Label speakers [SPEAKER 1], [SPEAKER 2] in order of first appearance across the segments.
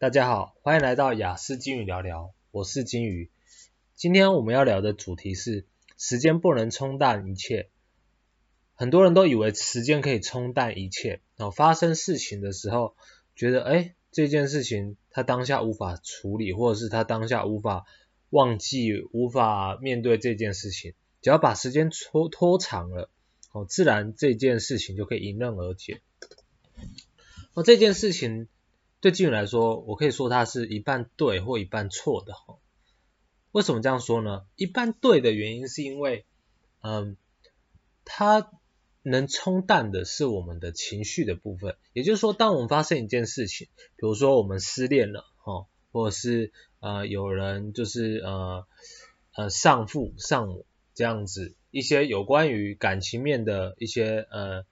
[SPEAKER 1] 大家好，歡迎來到雅思金魚聊聊，我是金魚。今天我們要聊的主題是時間不能沖淡一切。很多人都以為時間可以沖淡一切。然後，發生事情的時候，覺得，誒，這件事情他當下無法處理，或者是他當下無法忘記、無法面對這件事情。只要把時間拖拖長了，哦，自然這件事情就可以迎刃而解。哦，這件事情。對金魚來說，我可以說它是一半對或一半錯的。為什麼這樣說呢？一半對的原因是因為，嗯，它能沖淡的是我們的情緒的部分。也就是說，當我們發生一件事情，比如說我們失戀了，哦，或者是呃有人就是呃呃喪父喪母這樣子，一些有關於感情面的一些呃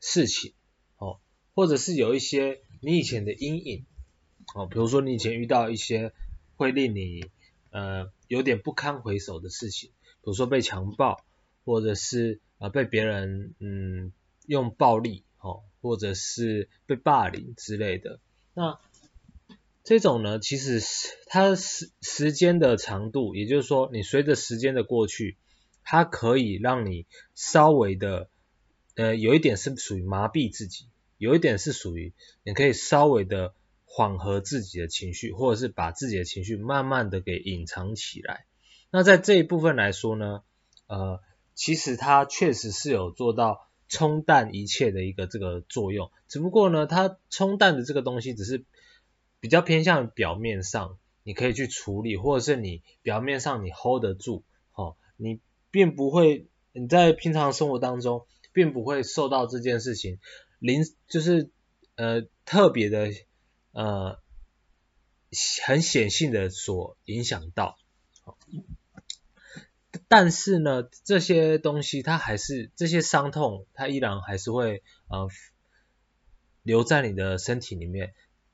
[SPEAKER 1] 事情，哦，或者是有一些。你以前的陰影，哦，比如說你以前遇到一些會令你呃有點不堪回首的事情，比如說被強暴，或者是啊、呃、被別人嗯用暴力，哦，或者是被霸凌之類的，那這種呢，其實是它時時間的長度，也就是說你隨着時間的過去，它可以讓你稍微的呃有一點是屬於麻痹自己。有一點是屬於你可以稍微的緩和自己的情緒，或者是把自己的情緒慢慢的給隱藏起來。那在這一部分來說呢，呃，其實它確實是有做到沖淡一切的一個這個作用。只不過呢，它沖淡的這個東西只是比較偏向表面上，你可以去處理，或者是你表面上你 hold 得住，哦，你並不會你在平常生活當中並不會受到這件事情。零，就是呃特別的呃很顯性的所影響到，但是呢這些東西它還是這些傷痛它依然還是會呃留在你的身體裡面。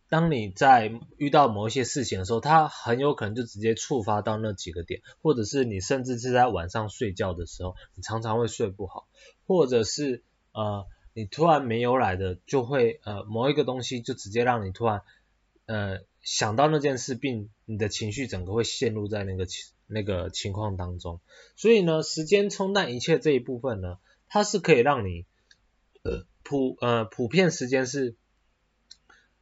[SPEAKER 1] 當你在遇到某一些事情的時候，它很有可能就直接觸發到那幾個點，或者是你甚至是在晚上睡覺的時候，你常常會睡不好，或者是呃。你突然沒有來的，就會呃某一個東西就直接讓你突然呃想到那件事，並你的情緒整個會陷入在那個那個情況當中。所以呢，時間沖淡一切這一部分呢，它是可以讓你呃普呃普遍時間是。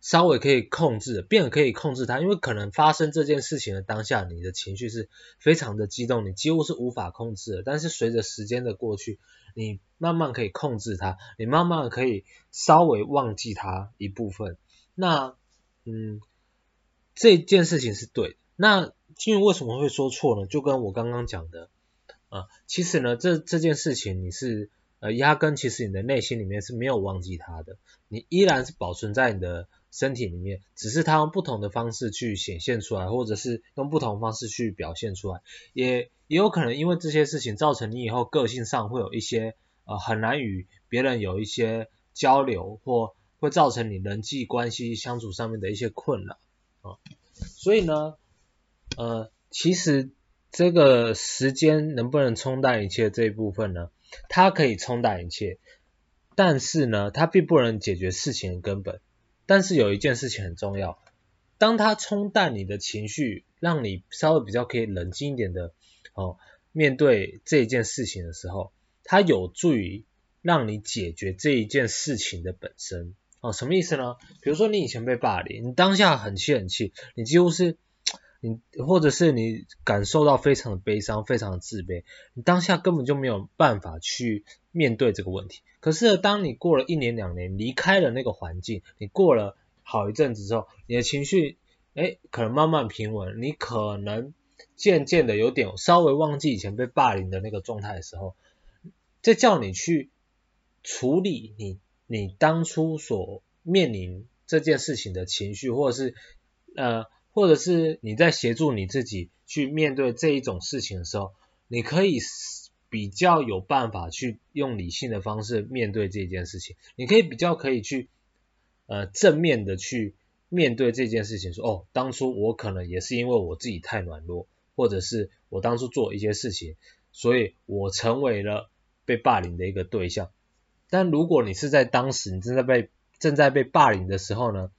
[SPEAKER 1] 稍微可以控制，便可以控制它，因為可能發生這件事情的當下，你的情緒是非常的激動，你幾乎是無法控制的。但是隨着時間的過去，你慢慢可以控制它，你慢慢可以稍微忘記它一部分。那，嗯，這件事情是對的。那金魚為為什麼會說錯呢？就跟我剛剛講的啊，其實呢，這這件事情你是呃壓根，其實你的內心裡面是沒有忘記它的，你依然是保存在你的。身體裡面，只是他用不同的方式去顯現出來，或者是用不同方式去表現出來，也也有可能因為這些事情造成你以後個性上會有一些呃很難與別人有一些交流，或會造成你人際關係相處上面的一些困難啊、哦。所以呢，呃，其實這個時間能不能沖淡一切這一部分呢？它可以沖淡一切，但是呢，它並不能解決事情的根本。但是有一件事情很重要，當它沖淡你的情緒，讓你稍微比較可以冷靜一點的哦，面對這件事情的時候，它有助於讓你解決這一件事情的本身哦，什麼意思呢？比如說你以前被霸凌，你當下很氣很氣，你幾乎是。你或者是你感受到非常的悲傷，非常的自卑，你當下根本就沒有辦法去面對這個問題。可是當你過了一年兩年，離開了那個環境，你過了好一陣子之後，你的情緒誒、欸、可能慢慢平穩，你可能漸漸的有點稍微忘記以前被霸凌的那個狀態的時候，這叫你去處理你你當初所面臨這件事情的情緒，或者是呃。或者是你在協助你自己去面對這一種事情的時候，你可以比較有辦法去用理性的方式面對這件事情。你可以比較可以去呃正面的去面對這件事情，說哦，當初我可能也是因為我自己太軟弱，或者是我當初做一些事情，所以我成為了被霸凌的一個對象。但如果你是在當時你正在被正在被霸凌的時候呢，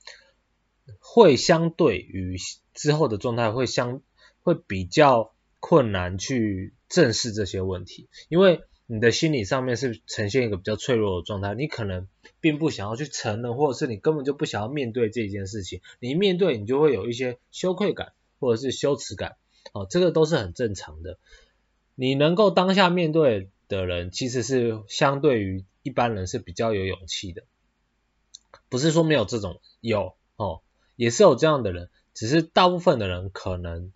[SPEAKER 1] 會相對於之後的狀態會相會比較困難去正視這些問題，因為你的心理上面是呈現一個比較脆弱的狀態，你可能並不想要去承認，或者是你根本就不想要面對這件事情。你面對你就會有一些羞愧感或者是羞恥感，哦，這個都是很正常的。你能夠當下面對的人其實是相對於一般人是比較有勇氣的，不是說沒有這種有哦。也是有這樣的人，只是大部分的人可能，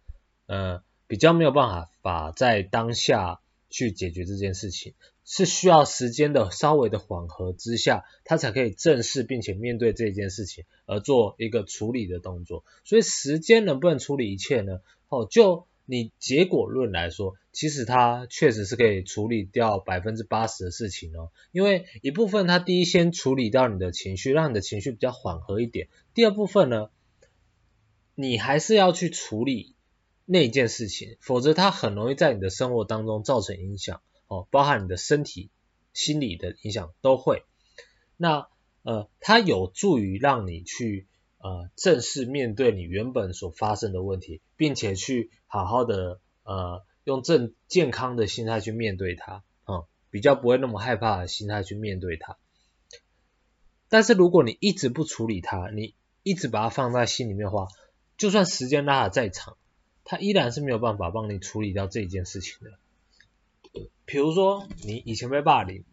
[SPEAKER 1] 呃，比較沒有辦法法在當下去解決這件事情，是需要時間的稍微的緩和之下，他才可以正視並且面對這件事情而做一個處理的動作。所以時間能不能處理一切呢？哦，就你結果論來說。其實它確實是可以處理掉百分之八十的事情哦，因為一部分它，第一先處理掉你的情緒，讓你的情緒比較緩和一點；第二部分呢，你還是要去處理那一件事情，否則它很容易在你的生活當中造成影響哦，包含你的身體、心理的影響都會。那呃，它有助於讓你去呃正式面對你原本所發生的問題，並且去好好的呃。用正健康的心態去面對它，啊、嗯，比較不會那麼害怕的心態去面對它。但是如果你一直不處理它，你一直把它放在心裡面的話，就算時間拉得再長，它依然是沒有辦法幫你處理掉這一件事情的。比如說你以前被霸凌，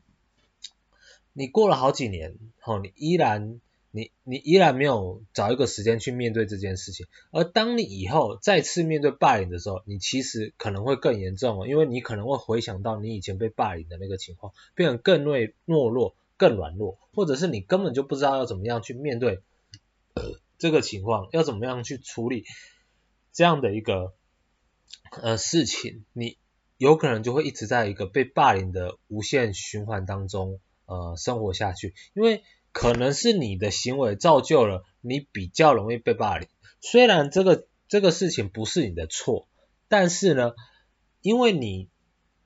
[SPEAKER 1] 你過了好幾年，吼、嗯，你依然。你你依然沒有找一個時間去面對這件事情，而當你以後再次面對霸凌的時候，你其實可能會更嚴重哦，因為你可能會回想到你以前被霸凌的那個情況，變得更為懦弱、更軟弱，或者是你根本就不知道要怎麼樣去面對這個情況，要怎麼樣去處理這樣的一個呃事情，你有可能就會一直在一個被霸凌的無限循環當中呃生活下去，因為。可能是你的行為造就了你比較容易被霸凌，雖然這個這個事情不是你的錯，但是呢，因為你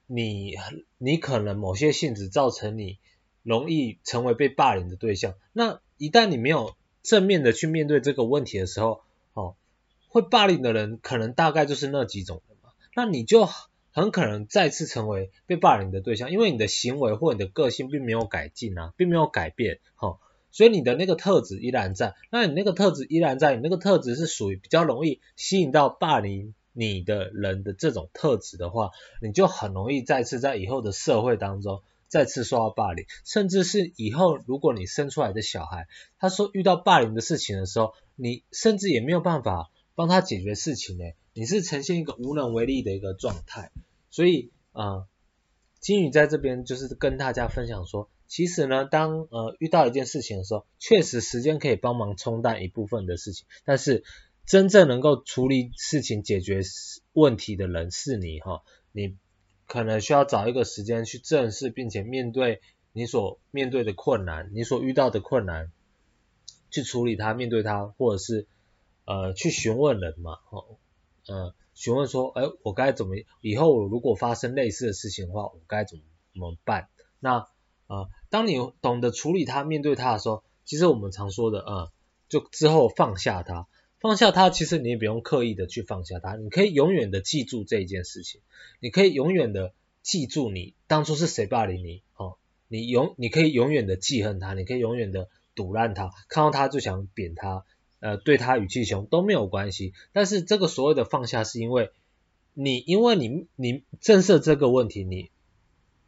[SPEAKER 1] 你你可能某些性質造成你容易成為被霸凌的對象，那一旦你沒有正面的去面對這個問題的時候，哦，會霸凌的人可能大概就是那幾種人嘛，那你就。很可能再次成為被霸凌的對象，因為你的行為或你的個性並沒有改進啊，並沒有改變哈，所以你的那個特質依然在，那你那個特質依然在，你那個特質是屬於比較容易吸引到霸凌你的人的這種特質的話，你就很容易再次在以後的社會當中再次受到霸凌，甚至是以後如果你生出來的小孩，他說遇到霸凌的事情的時候，你甚至也沒有辦法幫他解決事情呢、欸。你是呈現一個無能為力的一個狀態。所以啊、呃，金魚在這邊就是跟大家分享說，其實呢，當呃遇到一件事情的時候，確實時間可以幫忙沖淡一部分的事情，但是真正能夠處理事情、解決問題的人是你哈，你可能需要找一個時間去正視並且面對你所面對的困難，你所遇到的困難，去處理它、面對它，或者是呃去詢問人嘛，哈，嗯、呃。詢問說，哎，我該怎麼？以後如果發生類似的事情的話，我該怎麼怎麼辦？那，呃，當你懂得處理它、面對它的時候，其實我們常說的，啊、呃，就之後放下它、放下它。其實你也不用刻意的去放下它，你可以永遠的記住這一件事情，你可以永遠的記住你當初是誰霸凌你，哦、呃，你永你可以永遠的記恨他，你可以永遠的堵爛他，看到他就想扁他。呃，對他語氣凶都沒有關係，但是這個所謂的放下，是因為你因為你你正視這個問題，你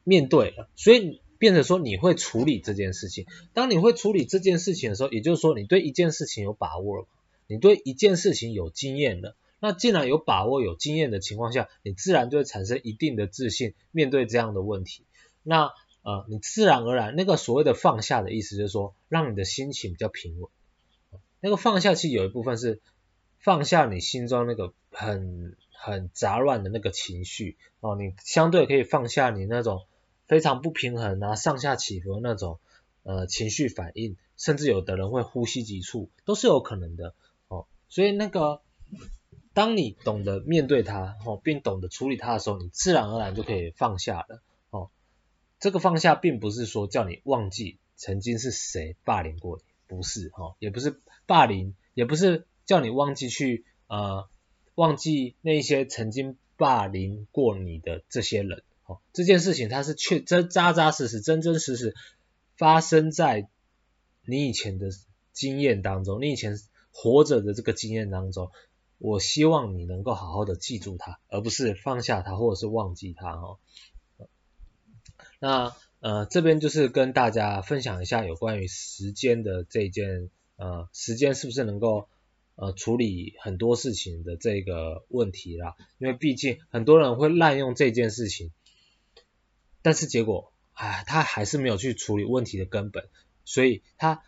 [SPEAKER 1] 面對了，所以變成說你會處理這件事情。當你會處理這件事情的時候，也就是說你對一件事情有把握了，你對一件事情有經驗了，那既然有把握有經驗的情況下，你自然就會產生一定的自信，面對這樣的問題。那呃，你自然而然那個所謂的放下的意思，就是說讓你的心情比較平穩。那個放下去有一部分是放下你心中那個很很雜亂的那個情緒哦，你相對可以放下你那種非常不平衡啊、上下起伏的那種呃情緒反應，甚至有的人會呼吸急促，都是有可能的哦。所以那個當你懂得面對它哦，並懂得處理它的時候，你自然而然就可以放下了哦。這個放下並不是說叫你忘記曾經是誰霸凌過你，不是哈、哦，也不是。霸凌也不是叫你忘記去呃忘記那些曾經霸凌過你的這些人哦，這件事情，它是確真扎扎實實、真真實實發生在你以前的經驗當中，你以前活着的這個經驗當中，我希望你能夠好好的記住它，而不是放下它或者是忘記它哦，那呃這邊就是跟大家分享一下有關於時間的這件。呃，時間是不是能夠呃處理很多事情的這個問題啦？因為畢竟很多人會濫用這件事情，但是結果，哎，他還是沒有去處理問題的根本，所以他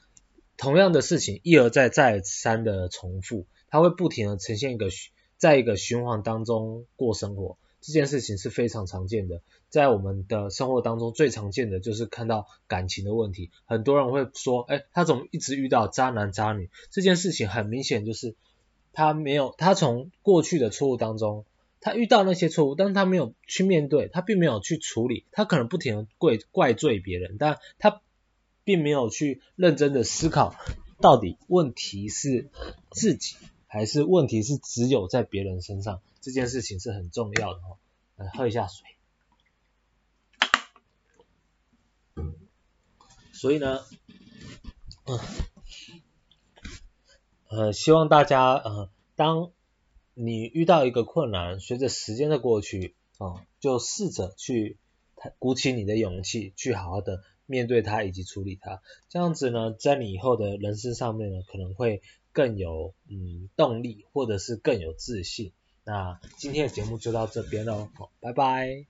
[SPEAKER 1] 同樣的事情一而再再三的重複，他會不停的呈現一個循，在一個循環當中過生活。這件事情是非常常見的，在我們的生活當中最常見的就是看到感情的問題，很多人會說，誒，他怎麼一直遇到渣男渣女？這件事情很明顯就是他沒有，他從過去的錯誤當中，他遇到那些錯誤，但是他沒有去面對，他並沒有去處理，他可能不停的怪怪罪別人，但他並沒有去認真的思考到底問題是自己。還是問題是只有在別人身上，這件事情是很重要的哦。來喝一下水。嗯，所以呢，呃，希望大家呃，當你遇到一個困難，隨着時間的過去，呃，就試着去鼓起你的勇氣，去好好的面對它以及處理它。這樣子呢，在你以後的人生上面呢，可能會。更有嗯動力，或者是更有自信。那今天的節目就到這邊嘍，好，拜拜。